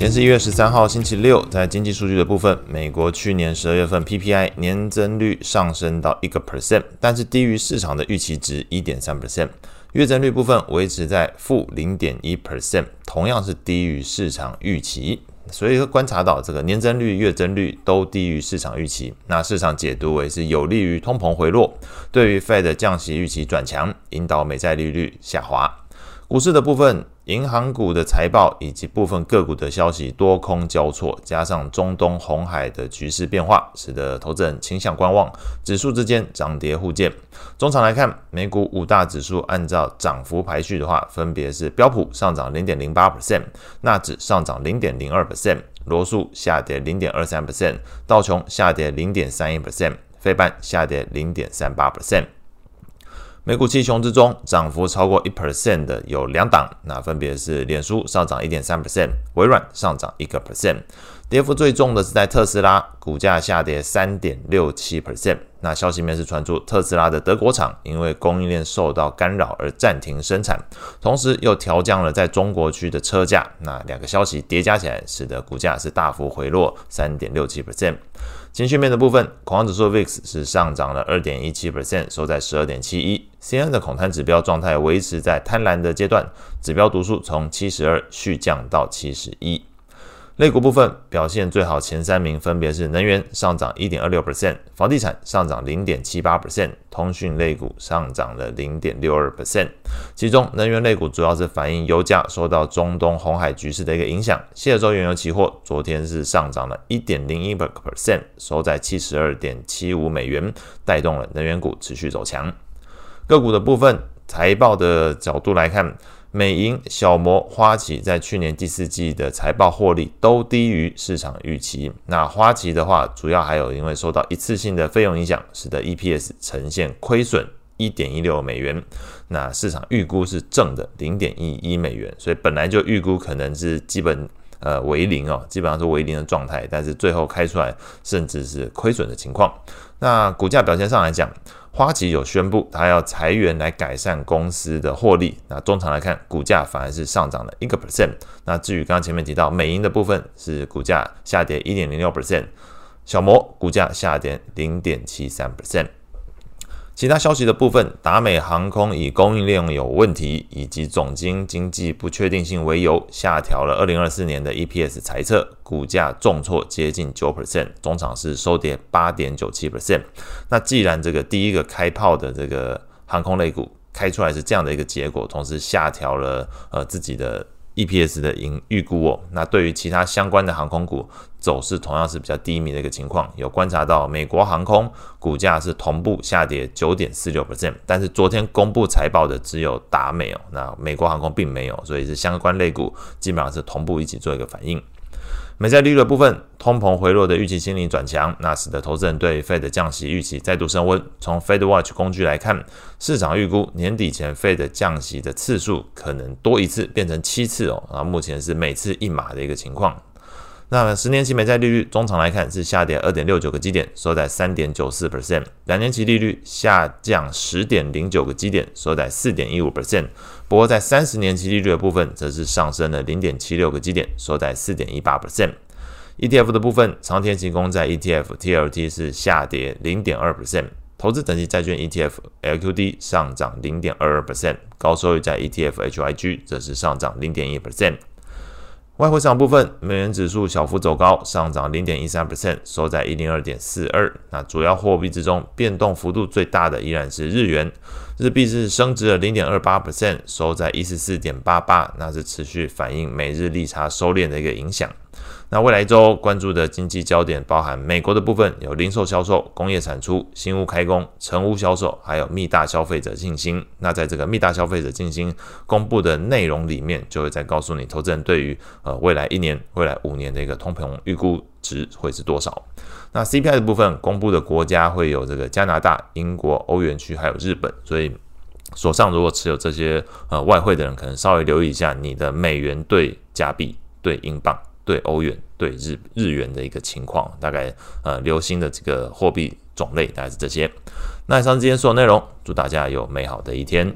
今天是一月十三號，星期六，在經濟數據的部分，美國去年十二月份 PPI 年增率上升到一個 percent，但是低於市場的預期值一點三 percent。月增率部分維持在負零點一 percent，同樣是低於市場預期。所以可以觀察到這個年增率、月增率都低於市場預期，那市場解讀為是有利於通膨回落，對於 Fed 降息預期轉強，引導美債利率下滑。股市的部分。銀行股的財報以及部分個股的消息多空交錯，加上中東紅海的局勢變化，使得投資人傾向觀望。指數之間漲跌互見。終場來看，美股五大指數按照漲幅排序的話，分別是標普上漲零點零八 percent，納指上漲零點零二 percent，羅素下跌零點二三 percent，道瓊下跌零點三一 percent，費半下跌零點三八 percent。美股七雄之中，漲幅超過一 percent 的有兩檔，那分別是臉書上漲一點三 percent，微軟上漲一個 percent。跌幅最重的是在特斯拉，股價下跌三點六七 percent。那消息面是傳出特斯拉的德國廠因為供應鏈受到干擾而暫停生產，同時又調降了在中國區的車價。那兩個消息疊加起來，使得股價是大幅回落三點六七 percent。情緒面的部分，恐慌指數 VIX 是上漲了二點一七 percent，收在十二點七一。CNN 的恐貪指標狀態維持在貪婪的階段，指標讀數從七十二續降到七十一。類股部分，表現最好前三名分別是能源上漲一點二六 percent，房地產上漲零點七八 percent，通訊類股上漲了零點六二 percent。其中能源類股主要是反映油價受到中東紅海局勢的一個影響。西德州原油期貨昨天是上漲了1.01%，收在72.75美元，帶動了能源股持續走強。個股的部分，財報的角度來看，美銀、小摩、花旗在去年第四季的財報獲利都低於市場預期。那花旗的話，主要還有因為受到一次性的費用影響，使得 EPS 呈現虧損。一點一六美元，那市場預估是正的零點一一美元，所以本來就預估可能是基本呃為零哦，基本上是為零的狀態，但是最後開出來甚至是虧損的情況。那股價表現上來講，花旗有宣布它要裁員來改善公司的獲利，那終場來看股價反而是上漲了一個 percent。那至於剛剛前面提到美銀的部分是股價下跌一點零六 percent，小摩股價下跌零點七三 percent。其他消息的部分，達美航空以供應鏈有問題以及總經經濟不確定性為由，下調了二零二四年的 EPS 財測，股價重挫接近九 percent，終場是收跌八點九七 percent。那既然這個第一個開炮的這個航空類股開出來是這樣的一個結果，同時下調了呃自己的。EPS 的盈預估哦，那對於其他相關的航空股走勢同樣是比較低迷的一個情況，有觀察到美國航空股價是同步下跌九點四六 percent，但是昨天公布財報的只有達美哦，那美國航空並沒有，所以是相關類股基本上是同步一起做一個反應。美債利率的部分，通膨回落的預期心理轉強，那使得投資人對 Fed 降息預期再度升溫。從 Fed Watch 工具來看，市場預估年底前 Fed 降息的次數可能多一次，變成七次哦。啊，目前是每次一碼的一個情況。那十年期美債利率中長來看是下跌二點六九個基點，收在三點九四 percent；兩年期利率下降十點零九個基點，收在四點一五 percent。不過在三十年期利率的部分，則是上升了零點七六個基點，收在四點一八 percent。ETF 的部分，長天期公債 ETF TLT 是下跌零點二 percent，投資等級債券 ETF LQD 上漲零點二二 percent，高收益債 ETF HYG 則是上漲零點一 percent。外匯市場部分，美元指數小幅走高，上漲零點一三 percent，收在一零二點四二。那主要貨幣之中，變動幅度最大的依然是日元，日幣是升值了零點二八 percent，收在一四四點八八，那是持續反映美日利差收斂的一個影響。那未來一周關注的經濟焦點包含，美國的部分，有零售銷售、工業產出、新屋開工、成屋銷售，還有密大消費者信心。那在這個密大消費者信心公布的內容裡面，就會再告訴你投資人對於呃未來一年、未來五年的一個通膨預估值會是多少。那 CPI 的部分公布的國家會有這個加拿大、英國、歐元區還有日本，所以手上如果持有這些呃外匯的人，可能稍微留意一下你的美元兌加幣對英鎊。對歐元、對日日元的一個情況，大概呃流行的這個貨幣種類，大概是這些。那以上是今天所有內容，祝大家有美好的一天。